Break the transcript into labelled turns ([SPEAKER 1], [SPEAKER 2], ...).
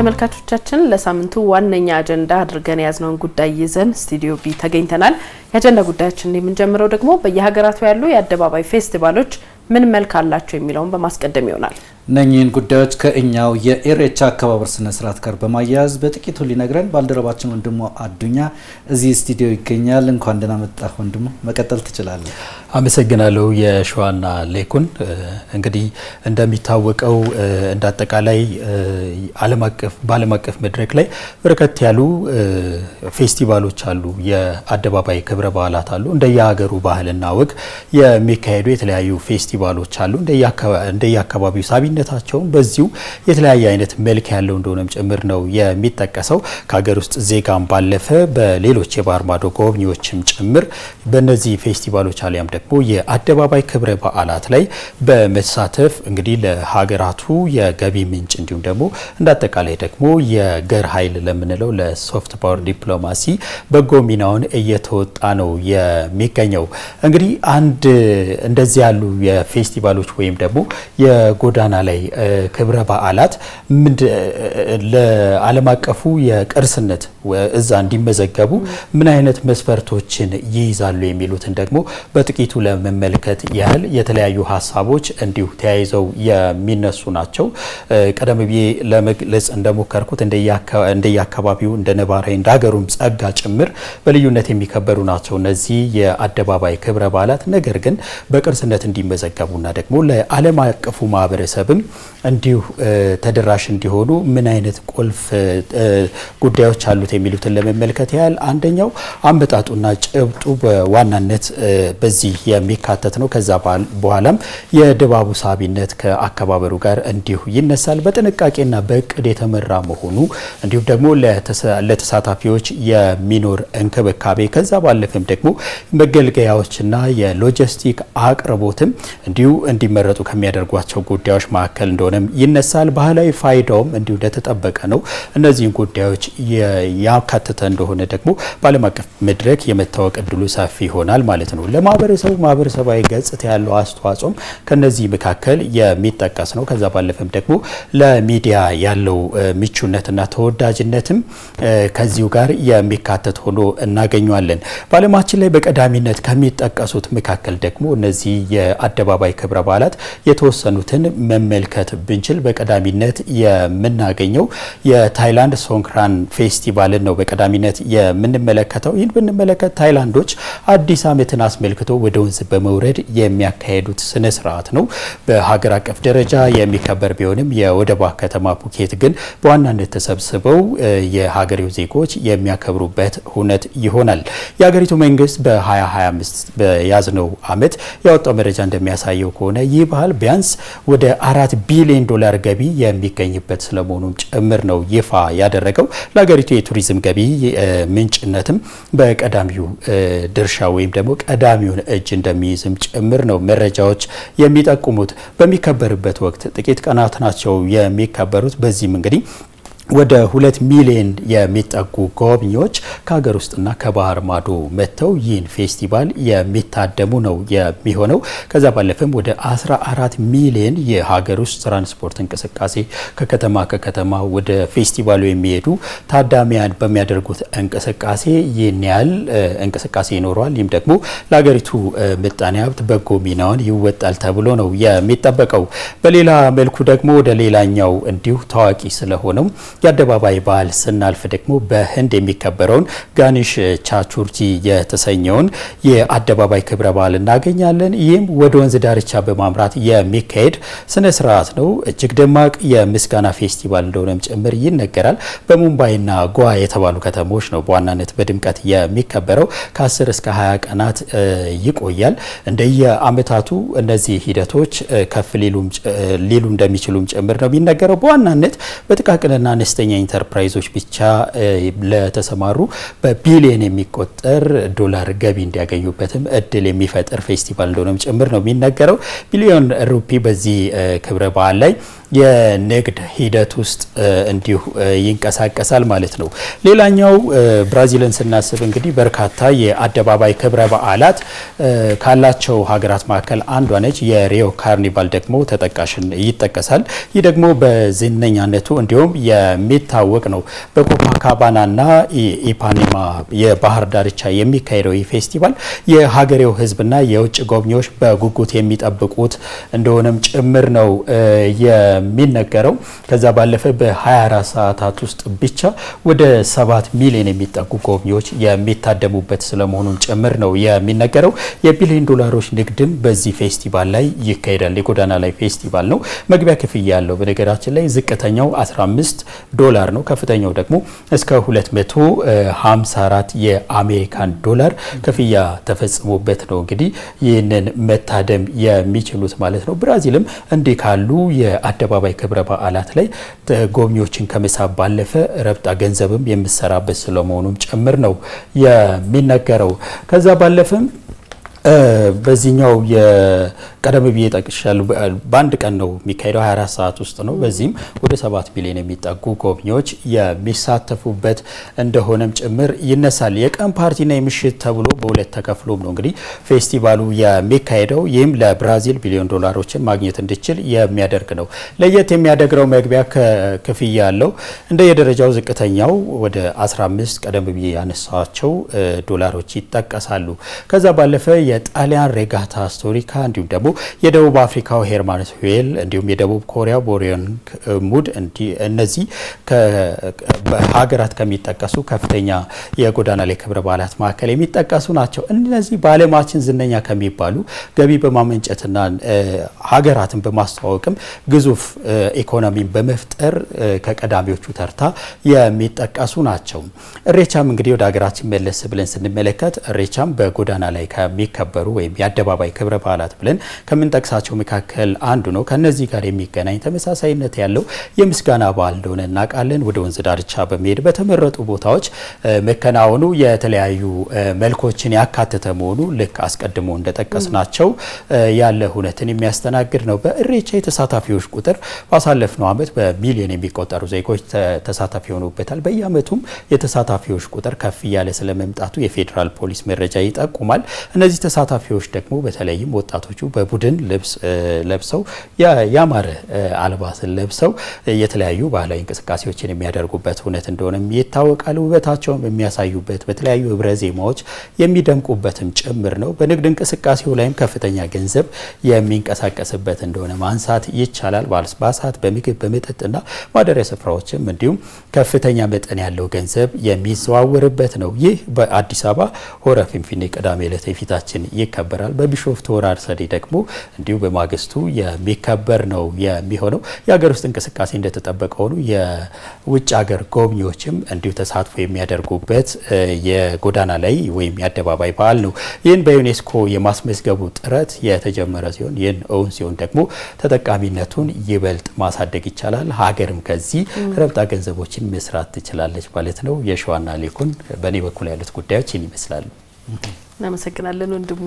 [SPEAKER 1] ተመልካቾቻችን ለሳምንቱ ዋነኛ አጀንዳ አድርገን የያዝነውን ጉዳይ ይዘን ስቱዲዮ ቢ ተገኝተናል። የአጀንዳ ጉዳያችን የምንጀምረው ደግሞ በየሀገራቱ ያሉ የአደባባይ ፌስቲቫሎች ምን መልክ አላቸው የሚለውን በማስቀደም ይሆናል።
[SPEAKER 2] እነኚህን ጉዳዮች ከእኛው የኢሬቻ አከባበር ስነ ስርዓት ጋር በማያያዝ በጥቂቱ ሊነግረን ባልደረባችን ወንድሞ አዱኛ እዚህ ስቱዲዮ ይገኛል። እንኳን ደህና መጣህ ወንድሞ፣ መቀጠል ትችላለህ።
[SPEAKER 3] አመሰግናለሁ የሸዋና ሌኩን። እንግዲህ እንደሚታወቀው ዓለም አቀፍ በዓለም አቀፍ መድረክ ላይ በርከት ያሉ ፌስቲቫሎች አሉ፣ የአደባባይ ክብረ በዓላት አሉ። እንደየሀገሩ ባህልና ወግ የሚካሄዱ የተለያዩ ፌስቲቫሎች አሉ እንደየአካባቢው ሳቢ ተወዳዳሪነታቸውም በዚሁ የተለያየ አይነት መልክ ያለው እንደሆነም ጭምር ነው የሚጠቀሰው። ከሀገር ውስጥ ዜጋም ባለፈ በሌሎች የባህር ማዶ ጎብኚዎችም ጭምር በእነዚህ ፌስቲቫሎች አሊያም ደግሞ የአደባባይ ክብረ በዓላት ላይ በመሳተፍ እንግዲህ ለሀገራቱ የገቢ ምንጭ እንዲሁም ደግሞ እንዳጠቃላይ ደግሞ የገር ኃይል ለምንለው ለሶፍት ፓወር ዲፕሎማሲ በጎ ሚናውን እየተወጣ ነው የሚገኘው። እንግዲህ አንድ እንደዚህ ያሉ የፌስቲቫሎች ወይም ደግሞ የጎዳና አጠቃላይ ክብረ በዓላት ለዓለም አቀፉ የቅርስነት እዛ እንዲመዘገቡ ምን አይነት መስፈርቶችን ይይዛሉ የሚሉትን ደግሞ በጥቂቱ ለመመልከት ያህል የተለያዩ ሀሳቦች እንዲሁ ተያይዘው የሚነሱ ናቸው። ቀደም ብዬ ለመግለጽ እንደሞከርኩት እንደየአካባቢው እንደ ነባራዊ እንደ ሀገሩም ጸጋ ጭምር በልዩነት የሚከበሩ ናቸው እነዚህ የአደባባይ ክብረ በዓላት። ነገር ግን በቅርስነት እንዲመዘገቡና ደግሞ ለዓለም አቀፉ ማህበረሰብም እንዲሁ ተደራሽ እንዲሆኑ ምን አይነት ቁልፍ ጉዳዮች አሉ አሉት የሚሉትን ለመመልከት ያህል አንደኛው አመጣጡና ጭብጡ በዋናነት በዚህ የሚካተት ነው። ከዛ በኋላም የድባቡ ሳቢነት ከአከባበሩ ጋር እንዲሁ ይነሳል። በጥንቃቄና በእቅድ የተመራ መሆኑ እንዲሁም ደግሞ ለተሳታፊዎች የሚኖር እንክብካቤ ከዛ ባለፈም ደግሞ መገልገያዎችና የሎጂስቲክ አቅርቦትም እንዲሁ እንዲመረጡ ከሚያደርጓቸው ጉዳዮች መካከል እንደሆነም ይነሳል። ባህላዊ ፋይዳውም እንዲሁ እንደተጠበቀ ነው። እነዚህን ጉዳዮች ያካተተ እንደሆነ ደግሞ በዓለም አቀፍ መድረክ የመታወቅ እድሉ ሰፊ ይሆናል ማለት ነው። ለማህበረሰቡ ማህበረሰባዊ ገጽታ ያለው አስተዋጽኦም ከነዚህ መካከል የሚጠቀስ ነው። ከዛ ባለፈም ደግሞ ለሚዲያ ያለው ምቹነትና ተወዳጅነትም ከዚሁ ጋር የሚካተት ሆኖ እናገኘዋለን። በዓለማችን ላይ በቀዳሚነት ከሚጠቀሱት መካከል ደግሞ እነዚህ የአደባባይ ክብረ በዓላት የተወሰኑትን መመልከት ብንችል በቀዳሚነት የምናገኘው የታይላንድ ሶንክራን ፌስቲቫል በዓልን ነው በቀዳሚነት የምንመለከተው። ይህን ብንመለከት ታይላንዶች አዲስ ዓመትን አስመልክቶ ወደ ወንዝ በመውረድ የሚያካሄዱት ስነ ስርዓት ነው። በሀገር አቀፍ ደረጃ የሚከበር ቢሆንም የወደቧ ከተማ ፑኬት ግን በዋናነት ተሰብስበው የሀገሬው ዜጎች የሚያከብሩበት ሁነት ይሆናል። የሀገሪቱ መንግስት በ2025 በያዝነው ዓመት ያወጣው መረጃ እንደሚያሳየው ከሆነ ይህ ባህል ቢያንስ ወደ አራት ቢሊዮን ዶላር ገቢ የሚገኝበት ስለመሆኑም ጭምር ነው ይፋ ያደረገው ለሀገሪቱ የቱሪ የቱሪዝም ገቢ ምንጭነትም በቀዳሚው ድርሻ ወይም ደግሞ ቀዳሚውን እጅ እንደሚይዝም ጭምር ነው መረጃዎች የሚጠቁሙት። በሚከበርበት ወቅት ጥቂት ቀናት ናቸው የሚከበሩት። በዚህም እንግዲህ ወደ ሁለት ሚሊዮን የሚጠጉ ጎብኚዎች ከሀገር ውስጥና ከባህር ማዶ መጥተው ይህን ፌስቲቫል የሚታደሙ ነው የሚሆነው። ከዛ ባለፈም ወደ 14 ሚሊዮን የሀገር ውስጥ ትራንስፖርት እንቅስቃሴ ከከተማ ከከተማ ወደ ፌስቲቫሉ የሚሄዱ ታዳሚያን በሚያደርጉት እንቅስቃሴ ይህን ያህል እንቅስቃሴ ይኖረዋል። ይህም ደግሞ ለሀገሪቱ ምጣኔ ሀብት በጎ ሚናውን ይወጣል ተብሎ ነው የሚጠበቀው። በሌላ መልኩ ደግሞ ወደ ሌላኛው እንዲሁ ታዋቂ ስለሆነው የአደባባይ በዓል ስናልፍ ደግሞ በህንድ የሚከበረውን ጋኒሽ ቻቹርቲ የተሰኘውን የአደባባይ ክብረ በዓል እናገኛለን። ይህም ወደ ወንዝ ዳርቻ በማምራት የሚካሄድ ስነ ስርዓት ነው። እጅግ ደማቅ የምስጋና ፌስቲቫል እንደሆነም ጭምር ይነገራል። በሙምባይና ጓ የተባሉ ከተሞች ነው በዋናነት በድምቀት የሚከበረው። ከ10 እስከ 20 ቀናት ይቆያል። እንደየአመታቱ እነዚህ ሂደቶች ከፍ ሊሉ እንደሚችሉም ጭምር ነው የሚነገረው። በዋናነት በጥቃቅንና አነስተኛ ኢንተርፕራይዞች ብቻ ለተሰማሩ በቢሊየን የሚቆጠር ዶላር ገቢ እንዲያገኙበትም እድል የሚፈጥር ፌስቲቫል እንደሆነም ጭምር ነው የሚነገረው። ቢሊዮን ሩፒ በዚህ ክብረ በዓል ላይ የንግድ ሂደት ውስጥ እንዲሁ ይንቀሳቀሳል ማለት ነው። ሌላኛው ብራዚልን ስናስብ እንግዲህ በርካታ የአደባባይ ክብረ በዓላት ካላቸው ሀገራት መካከል አንዷ ነች። የሪዮ ካርኒቫል ደግሞ ተጠቃሽን ይጠቀሳል። ይህ ደግሞ በዝነኛነቱ እንዲሁም የሚታወቅ ነው። በኮፓካባናና ኢፓኒማ የባህር ዳርቻ የሚካሄደው ይህ ፌስቲቫል የሀገሬው ሕዝብና የውጭ ጎብኚዎች በጉጉት የሚጠብቁት እንደሆነም ጭምር ነው። የሚነገረው። ከዛ ባለፈ በ24 ሰዓታት ውስጥ ብቻ ወደ 7 ሚሊዮን የሚጠጉ ጎብኚዎች የሚታደሙበት ስለመሆኑን ጭምር ነው የሚነገረው። የቢሊዮን ዶላሮች ንግድም በዚህ ፌስቲቫል ላይ ይካሄዳል። የጎዳና ላይ ፌስቲቫል ነው። መግቢያ ክፍያ ያለው በነገራችን ላይ ዝቅተኛው 15 ዶላር ነው። ከፍተኛው ደግሞ እስከ 254 የአሜሪካን ዶላር ክፍያ ተፈጽሞበት ነው እንግዲህ ይህንን መታደም የሚችሉት ማለት ነው። ብራዚልም እንዲህ ካሉ የአደ አደባባይ ክብረ በዓላት ላይ ጎብኚዎችን ከመሳብ ባለፈ ረብጣ ገንዘብም የምሰራበት ስለመሆኑም ጭምር ነው የሚነገረው። ከዛ ባለፈም በዚህኛው የቀደም ብዬ ጠቅሻለሁ። በአንድ ቀን ነው የሚካሄደው፣ 24 ሰዓት ውስጥ ነው። በዚህም ወደ 7 ሚሊዮን የሚጠጉ ጎብኚዎች የሚሳተፉበት እንደሆነም ጭምር ይነሳል። የቀን ፓርቲና የምሽት ተብሎ በሁለት ተከፍሎም ነው እንግዲህ ፌስቲቫሉ የሚካሄደው። ይህም ለብራዚል ቢሊዮን ዶላሮችን ማግኘት እንዲችል የሚያደርግ ነው። ለየት የሚያደርገው መግቢያ ክፍያ ያለው እንደ የደረጃው ዝቅተኛው ወደ 15 ቀደም ብዬ ያነሳቸው ዶላሮች ይጠቀሳሉ። ከዛ ባለፈ የጣሊያን ሬጋታ ስቶሪካ እንዲሁም ደግሞ የደቡብ አፍሪካው ሄርማንስ ዌል እንዲሁም የደቡብ ኮሪያ ቦሪዮንግ ሙድ እነዚህ ሀገራት ከሚጠቀሱ ከፍተኛ የጎዳና ላይ ክብረ በዓላት መካከል የሚጠቀሱ ናቸው። እነዚህ በዓለማችን ዝነኛ ከሚባሉ ገቢ በማመንጨትና ሀገራትን በማስተዋወቅም ግዙፍ ኢኮኖሚን በመፍጠር ከቀዳሚዎቹ ተርታ የሚጠቀሱ ናቸው። እሬቻም እንግዲህ ወደ ሀገራችን መለስ ብለን ስንመለከት እሬቻም በጎዳና ላይ ከሚከ የሚከበሩ ወይም የአደባባይ ክብረ በዓላት ብለን ከምንጠቅሳቸው መካከል አንዱ ነው። ከነዚህ ጋር የሚገናኝ ተመሳሳይነት ያለው የምስጋና በዓል እንደሆነ እናውቃለን። ወደ ወንዝ ዳርቻ በመሄድ በተመረጡ ቦታዎች መከናወኑ የተለያዩ መልኮችን ያካተተ መሆኑ ልክ አስቀድሞ እንደጠቀስናቸው ያለ ሁነትን የሚያስተናግድ ነው። በእሬቻ የተሳታፊዎች ቁጥር ባሳለፍነው ዓመት በሚሊዮን የሚቆጠሩ ዜጎች ተሳታፊ ሆኖበታል። በየዓመቱም የተሳታፊዎች ቁጥር ከፍ እያለ ስለመምጣቱ የፌዴራል ፖሊስ መረጃ ይጠቁማል። እነዚህ ተሳታፊዎች ደግሞ በተለይም ወጣቶቹ በቡድን ልብስ ለብሰው ያማረ አልባስን ለብሰው የተለያዩ ባህላዊ እንቅስቃሴዎችን የሚያደርጉበት እውነት እንደሆነም ይታወቃል። ውበታቸውን የሚያሳዩበት በተለያዩ ህብረ ዜማዎች የሚደምቁበትም ጭምር ነው። በንግድ እንቅስቃሴው ላይም ከፍተኛ ገንዘብ የሚንቀሳቀስበት እንደሆነ ማንሳት ይቻላል። በአልባሳት፣ በምግብ፣ በመጠጥና ማደሪያ ስፍራዎችም እንዲሁም ከፍተኛ መጠን ያለው ገንዘብ የሚዘዋወርበት ነው። ይህ በአዲስ አበባ ሆረ ፊንፊኔ ቅዳሜ ዕለት የፊታችን በዓላችን ይከበራል። በቢሾፍቱ ወራር ሰዴ ደግሞ እንዲሁ በማግስቱ የሚከበር ነው የሚሆነው። የሀገር ውስጥ እንቅስቃሴ እንደተጠበቀ ሆኖ የውጭ ሀገር ጎብኚዎችም እንዲሁ ተሳትፎ የሚያደርጉበት የጎዳና ላይ ወይም የአደባባይ በዓል ነው። ይህን በዩኔስኮ የማስመዝገቡ ጥረት የተጀመረ ሲሆን ይህን እውን ሲሆን ደግሞ ተጠቃሚነቱን ይበልጥ ማሳደግ ይቻላል። ሀገርም ከዚህ ረብጣ ገንዘቦችን መስራት ትችላለች ማለት ነው። የሸዋና ሊኩን በእኔ በኩል ያሉት ጉዳዮች ይህን ይመስላሉ። እናመሰግናለን ወንድሙ።